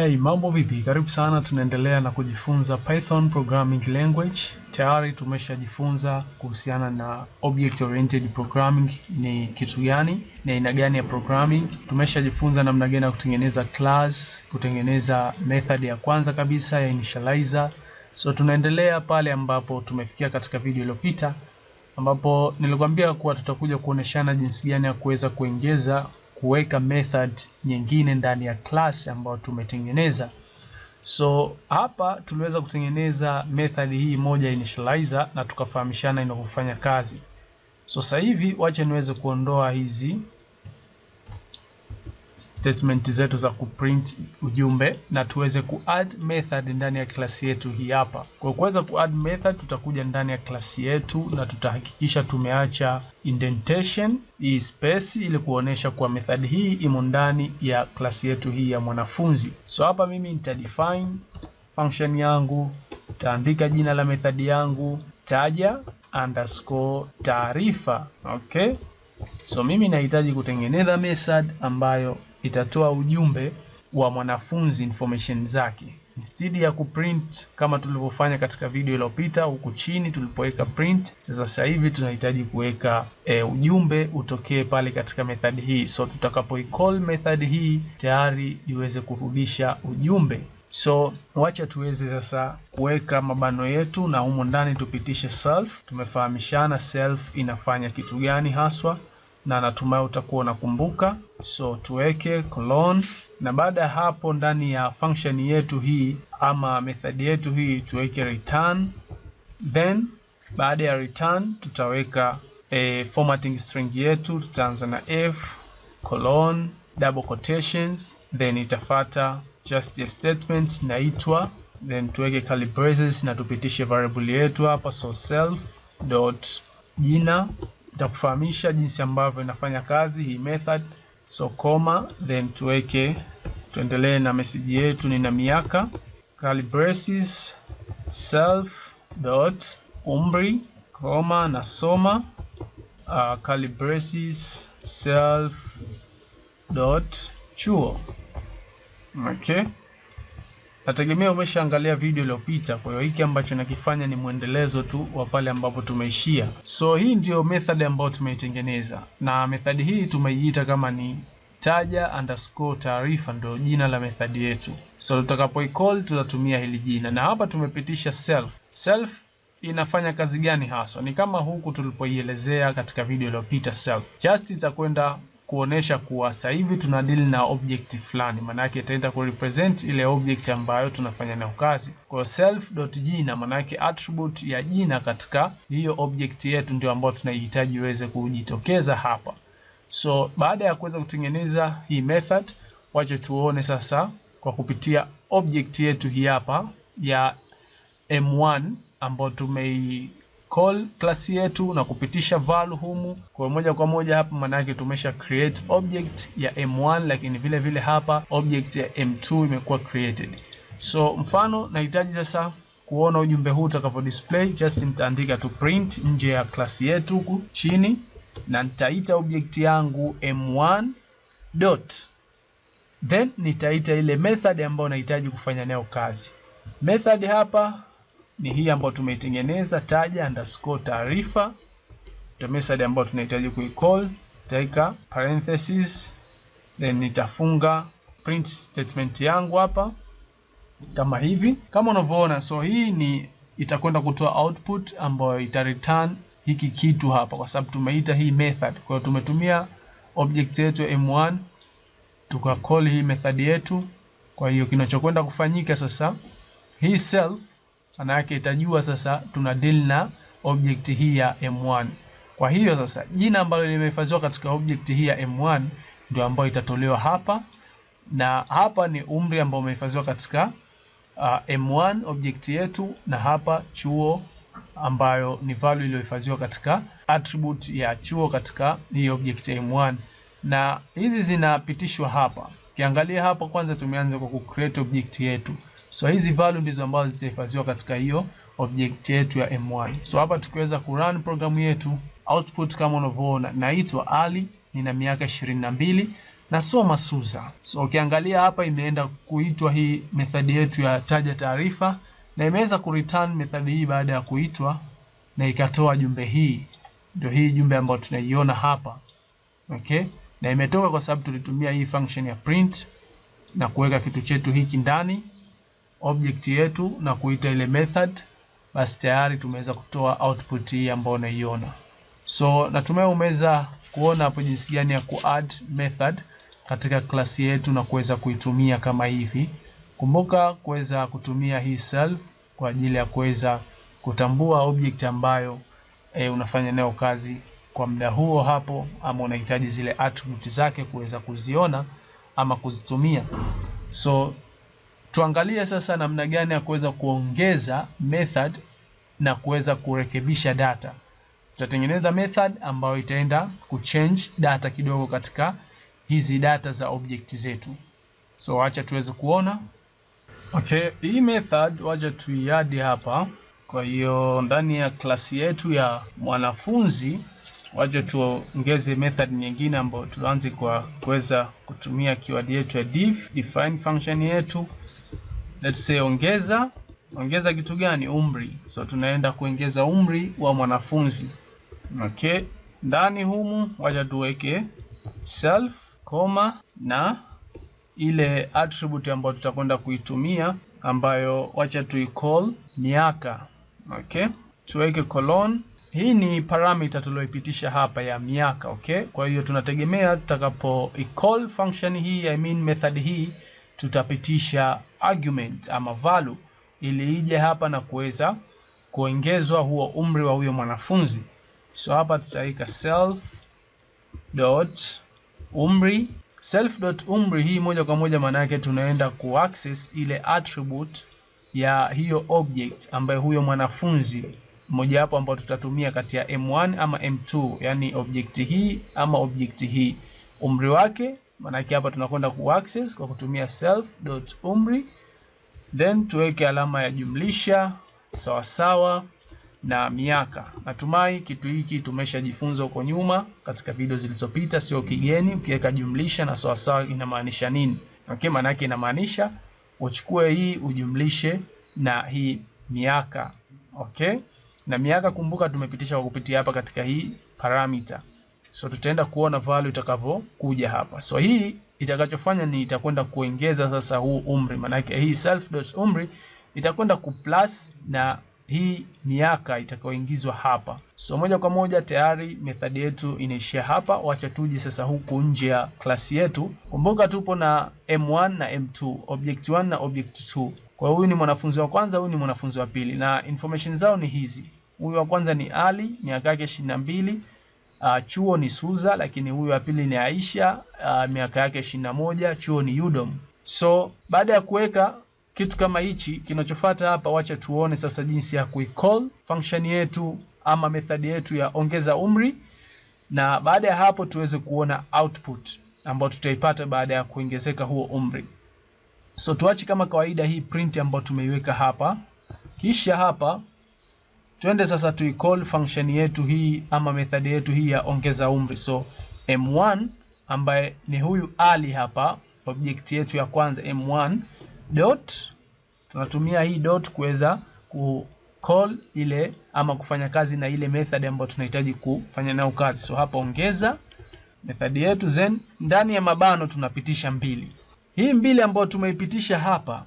Hey, mambo vipi? Karibu sana, tunaendelea na kujifunza Python programming language. Tayari tumeshajifunza kuhusiana na object oriented programming ni kitu gani na aina gani ya programming. Tumeshajifunza namna gani ya kutengeneza class, kutengeneza method ya kwanza kabisa ya initializer. So tunaendelea pale ambapo tumefikia katika video iliyopita, ambapo nilikwambia kuwa tutakuja kuoneshana jinsi gani ya kuweza kuongeza kuweka method nyingine ndani ya class ambayo tumetengeneza. So hapa tuliweza kutengeneza method hii moja initializer na tukafahamishana inavyofanya kazi. So sasa hivi wacha niweze kuondoa hizi statement zetu za kuprint ujumbe na tuweze kuadd method ndani ya klasi yetu hii hapa. Kwa kuweza kuadd method, tutakuja ndani ya klasi yetu na tutahakikisha tumeacha indentation hii space, ili kuonesha kuwa method hii imo ndani ya klasi yetu hii ya mwanafunzi. So hapa mimi nita define function yangu, taandika jina la method yangu, taja underscore taarifa. Okay, so mimi nahitaji kutengeneza method ambayo itatoa ujumbe wa mwanafunzi information zake instead ya kuprint kama tulivyofanya katika video iliyopita huku chini tulipoweka print. Sasa hivi tunahitaji kuweka e, ujumbe utokee pale katika method hii, so tutakapoicall method hii tayari iweze kurudisha ujumbe. So wacha tuweze sasa kuweka mabano yetu na humo ndani tupitishe self. Tumefahamishana self inafanya kitu gani haswa, na natumai utakuwa unakumbuka. So tuweke colon, na baada ya hapo ndani ya function yetu hii ama method yetu hii tuweke return, then baada ya return tutaweka e, formatting string yetu, tutaanza na f colon double quotations, then itafata just a statement naitwa, then tuweke curly braces na tupitishe variable yetu hapa, so self dot jina. Itakufahamisha jinsi ambavyo inafanya kazi hii method so koma, then tuweke tuendelee na meseji yetu, ni na miaka curly braces self dot umri koma na soma uh, curly braces self dot chuo okay. Nategemea umeshaangalia video iliyopita, kwa hiyo hiki ambacho nakifanya ni mwendelezo tu wa pale ambapo tumeishia. So hii ndio method ambayo tumeitengeneza, na method hii tumeiita kama ni taja underscore taarifa, ndio jina la method yetu. So tutakapo call tutatumia hili jina, na hapa tumepitisha self. Self inafanya kazi gani haswa? Ni kama huku tulipoielezea katika video iliyopita, self just itakwenda kuonesha kuwa sasa hivi tunadili na object fulani, maana yake itaenda ku represent ile object ambayo tunafanya nayo kazi. Kwa hiyo self.jina maana yake attribute ya jina katika hiyo object yetu ndio ambayo tunaihitaji iweze kujitokeza hapa. So baada ya kuweza kutengeneza hii method, wacha tuone sasa kwa kupitia object yetu hii hapa ya M1 ambayo tumei call class yetu na kupitisha value humu kwa moja kwa moja hapa, maana yake tumesha create object ya m1, lakini vile vile hapa object ya m2 imekuwa created. So mfano nahitaji sasa kuona ujumbe huu utakavyo display, just nitaandika tu print nje ya class yetu huku chini na nitaita object yangu m1 dot then nitaita ile method ambayo nahitaji kufanya nayo kazi. Method hapa ni hii ambayo tumeitengeneza taja underscore taarifa ndio method ambayo tunahitaji kuicall. taika parenthesis then nitafunga print statement yangu hapa kama hivi, kama unavyoona. So hii ni itakwenda kutoa output ambayo ita return hiki kitu hapa, kwa sababu tumeita hii method. Kwa hiyo tumetumia object yetu m1 tukakoli hii method yetu. Kwa hiyo kinachokwenda kufanyika sasa, hii self maana yake itajua sasa tuna deal na object hii ya M1. Kwa hiyo sasa jina ambalo limehifadhiwa katika object hii ya M1 ndio ambayo itatolewa hapa, na hapa ni umri ambao umehifadhiwa katika uh, M1 object yetu, na hapa chuo ambayo ni value iliyohifadhiwa katika attribute ya chuo katika hii object ya M1, na hizi zinapitishwa hapa. Ukiangalia hapa, kwanza tumeanza kwa ku create object yetu. So hizi value ndizo ambazo zitahifadhiwa katika hiyo object yetu ya M1. So hapa tukiweza kurun programu yetu, output kama unavyoona, naitwa Ali, nina miaka 22 nasoma Suza. So ukiangalia hapa imeenda kuitwa hii method yetu ya taja taarifa na imeweza kureturn method hii baada ya kuitwa na ikatoa jumbe hii. Ndio hii jumbe ambayo tunaiona hapa. Okay? Na imetoka kwa sababu tulitumia hii function ya print na kuweka kitu chetu hiki ndani object yetu na kuita ile method, basi tayari tumeweza kutoa output hii ambayo unaiona. So natumai umeweza kuona hapo jinsi gani ya add method katika klasi yetu na kuweza kuitumia kama hivi. Kumbuka kuweza kutumia hii self kwa ajili ya kuweza kutambua object ambayo e, unafanya nayo kazi kwa muda huo hapo, ama unahitaji zile attribute zake kuweza kuziona ama kuzitumia so Tuangalie sasa namna gani ya kuweza kuongeza method na kuweza kurekebisha data. Tutatengeneza method ambayo itaenda kuchange data kidogo katika hizi data za object zetu. So acha tuweze kuona. Okay, hii method wacha tuiadi hapa. Kwa hiyo ndani ya klasi yetu ya mwanafunzi wacha tuongeze method nyingine ambayo tuanze kwa kuweza kutumia keyword yetu ya diff, define function yetu let's say ongeza ongeza kitu gani? Umri. So tunaenda kuongeza umri wa mwanafunzi. Okay, ndani humu wacha tuweke self koma na ile attribute ambayo tutakwenda kuitumia ambayo wacha call miaka. Okay, tuweke colon. Hii ni parameter tulioipitisha hapa ya miaka. Okay, kwa hiyo tunategemea tutakapo call function hii, I mean method hii tutapitisha argument ama value iliija hapa na kuweza kuongezwa huo umri wa huyo mwanafunzi. So hapa tutaika self dot umri. Self dot umri hii moja kwa moja maana yake tunaenda access ile attribute ya hiyo object ambayo huyo mwanafunzi mojawapo ambao tutatumia kati ya M1 ama M2, yani object hii ama object hii, umri wake Maanake hapa tunakwenda access kwa kutumia self.umri, then tuweke alama ya jumlisha sawasawa na miaka. Natumai kitu hiki tumeshajifunza huko nyuma katika video zilizopita, sio kigeni. Ukiweka jumlisha na sawasawa inamaanisha nini? Okay, maana yake inamaanisha uchukue hii ujumlishe na hii miaka. Okay, na miaka kumbuka tumepitisha kwa kupitia hapa katika hii parameter. So tutaenda kuona value itakavyokuja hapa. So hii itakachofanya ni itakwenda kuongeza sasa huu umri, maana yake hii self dot umri itakwenda kuplus na hii miaka itakayoingizwa hapa. So moja kwa moja tayari method yetu inaishia hapa. Wacha tuje sasa huku nje ya klasi yetu. Kumbuka tupo na M1 na M2, object 1 na object 2. Kwa hiyo huyu ni mwanafunzi wa kwanza, huyu ni mwanafunzi wa pili, na information zao ni hizi. Huyu wa kwanza ni Ali, miaka yake 22 Uh, chuo ni Suza, lakini huyu wa pili ni Aisha uh, miaka yake ishirini moja. Chuo ni Udom. So baada ya kuweka kitu kama hichi, kinachofuata hapa, wacha tuone sasa jinsi ya kuicall function yetu ama method yetu ya ongeza umri, na baada ya hapo tuweze kuona output ambayo tutaipata baada ya kuongezeka huo umri. So tuache kama kawaida hii print ambayo tumeiweka hapa, kisha hapa tuende sasa tuicall function yetu hii ama method yetu hii ya ongeza umri. So m1 ambaye ni huyu Ali hapa, object yetu ya kwanza m1 dot, tunatumia hii dot kuweza ku call ile ama kufanya kazi na ile method ambayo tunahitaji kufanya nayo kazi. So hapa ongeza method yetu, then ndani ya mabano tunapitisha mbili. Hii mbili ambayo tumeipitisha hapa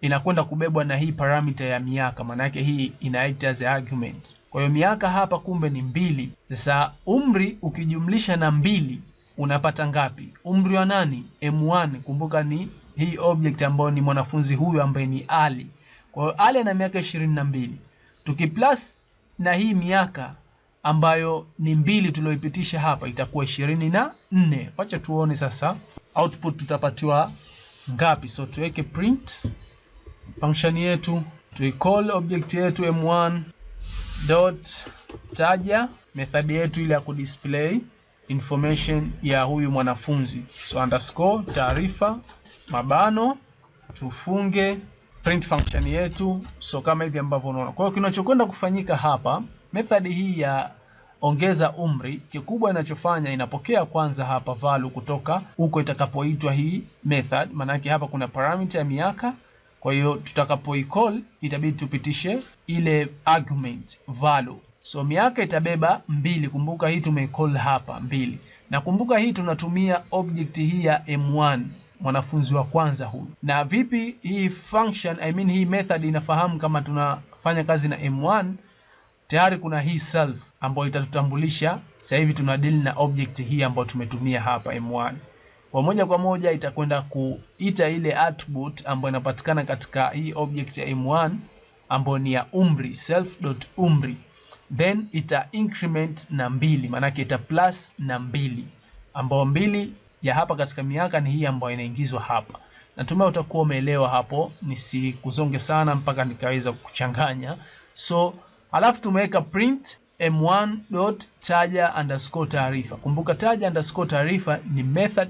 inakwenda kubebwa na hii parameter ya miaka, maana yake hii inaita as argument. Kwa hiyo miaka hapa kumbe ni mbili. Sasa umri ukijumlisha na mbili unapata ngapi? Umri wa nani? M1. Kumbuka ni hii object ambayo ni mwanafunzi huyu ambaye ni Ali. Kwa hiyo Ali ana miaka ishirini na mbili tukiplus na hii miaka ambayo ni mbili tulioipitisha hapa itakuwa ishirini na nne. Wacha tuone sasa output tutapatiwa ngapi, so tuweke print function yetu tuicall object yetu m1 dot taja method yetu ile ya kudisplay information ya huyu mwanafunzi so underscore taarifa mabano tufunge print function yetu, so kama hivi ambavyo unaona. Kwa hiyo kinachokwenda kufanyika hapa, method hii ya ongeza umri, kikubwa inachofanya inapokea kwanza hapa value kutoka huko itakapoitwa hii method, maanake hapa kuna parameter ya miaka kwa hiyo call itabidi tupitishe ile argument value. Somi yake itabeba mbili. Kumbuka hii call hapa mbili, na kumbuka hii tunatumia object hii ya m1 mwanafunzi wa kwanza huyu. Na vipi hii function, I mean hii method inafahamu kama tunafanya kazi na m1 tayari kuna hii self ambayo itatutambulisha. Sasa hivi tuna deal na object hii ambayo tumetumia hapa m1 kwa moja kwa moja itakwenda kuita ile attribute ambayo inapatikana katika hii object ya m1 ambayo ni ya umri self.umri, then ita increment na mbili, maanake ita plus na mbili, ambayo mbili ya hapa katika miaka ni hii ambayo inaingizwa hapa. Natumai utakuwa umeelewa hapo, nisikuzonge sana mpaka nikaweza kuchanganya. So alafu tumeweka print m1 dot taja underscore taarifa. Kumbuka taja underscore taarifa ni method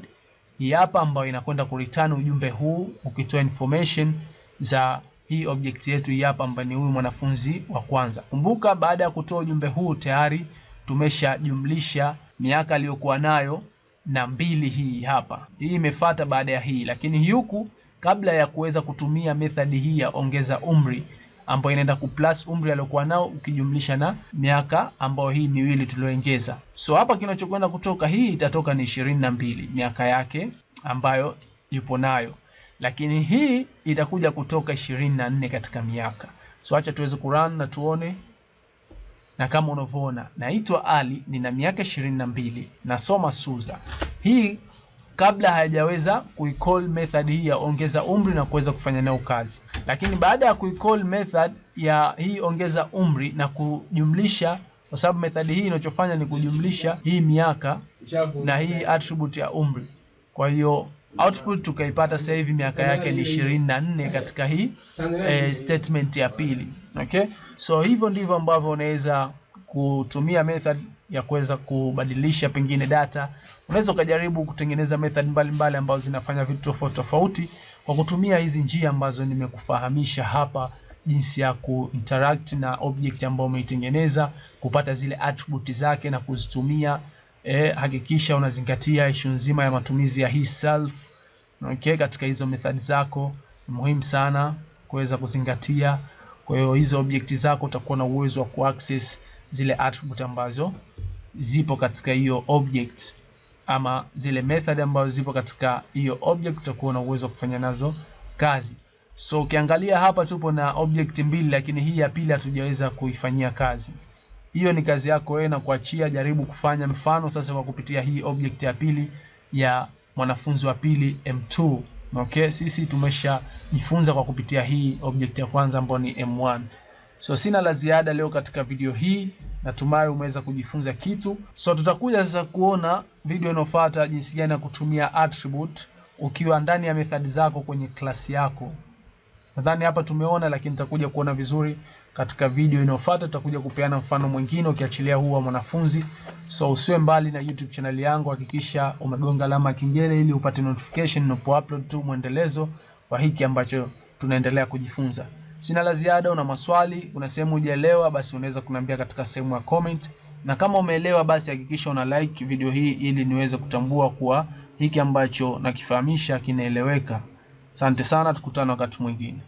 hii hapa ambayo inakwenda kureturn ujumbe huu ukitoa information za hii object yetu hii hapa ambayo ni huyu mwanafunzi wa kwanza. Kumbuka baada ya kutoa ujumbe huu tayari tumeshajumlisha miaka aliyokuwa nayo na mbili hii hapa. Hii imefata baada ya hii, lakini huku kabla ya kuweza kutumia methodi hii ya ongeza umri ambayo inaenda ku plus umri aliokuwa nao ukijumlisha na miaka ambayo hii miwili tulioongeza. So hapa kinachokwenda kutoka hii itatoka ni ishirini na mbili miaka yake ambayo yupo nayo, lakini hii itakuja kutoka ishirini na nne katika miaka. So acha tuweze kurun na tuone na kama unavyoona naitwa Ali, nina miaka ishirini na mbili, nasoma Suza. Hii kabla hayajaweza kuicall method hii ya ongeza umri na kuweza kufanya nayo kazi. Lakini baada ya kuicall method ya hii ongeza umri na kujumlisha, kwa sababu method hii inachofanya ni kujumlisha hii miaka na hii attribute ya umri. Kwa hiyo output tukaipata sasa hivi miaka yake ni 24 katika hii eh, statement ya pili. Okay, so hivyo ndivyo ambavyo unaweza kutumia method ya kuweza kubadilisha pengine data. Unaweza ukajaribu kutengeneza method mbalimbali mbali ambazo zinafanya vitu tofauti tofauti kwa kutumia hizi njia ambazo nimekufahamisha hapa, jinsi ya kuinteract na object ambayo umeitengeneza, kupata zile attributes zake na kuzitumia. Eh, hakikisha unazingatia issue nzima ya matumizi ya hii self okay, katika hizo method zako muhimu sana kuweza kuzingatia. Kwa hiyo hizo object zako utakuwa na uwezo wa kuaccess zile attribute ambazo zipo katika hiyo object ama zile method ambazo zipo katika hiyo object utakuwa na uwezo kufanya nazo kazi. So ukiangalia hapa tupo na object mbili, lakini hii ya pili hatujaweza kuifanyia kazi. Hiyo ni kazi yako wewe na kuachia, jaribu kufanya mfano sasa kwa kupitia hii object ya pili ya mwanafunzi wa pili M2. Okay, sisi tumeshajifunza kwa kupitia hii object ya kwanza ambayo ni M1. So sina la ziada leo katika video hii. Natumai umeweza kujifunza kitu. So tutakuja sasa kuona video inayofuata jinsi gani ya kutumia attribute ukiwa ndani ya method zako kwenye klasi yako. Nadhani hapa tumeona, lakini tutakuja kuona vizuri katika video inayofuata. Tutakuja kupeana mfano mwingine ukiachilia huu wa mwanafunzi. So usiwe mbali na YouTube channel yangu, hakikisha umegonga alama ya kengele ili upate notification ninapo upload tu mwendelezo wa hiki ambacho tunaendelea kujifunza. Sina la ziada. Una maswali, una sehemu hujaelewa, basi unaweza kuniambia katika sehemu ya comment, na kama umeelewa, basi hakikisha una like video hii ili niweze kutambua kuwa hiki ambacho nakifahamisha kinaeleweka. Asante sana, tukutane wakati mwingine.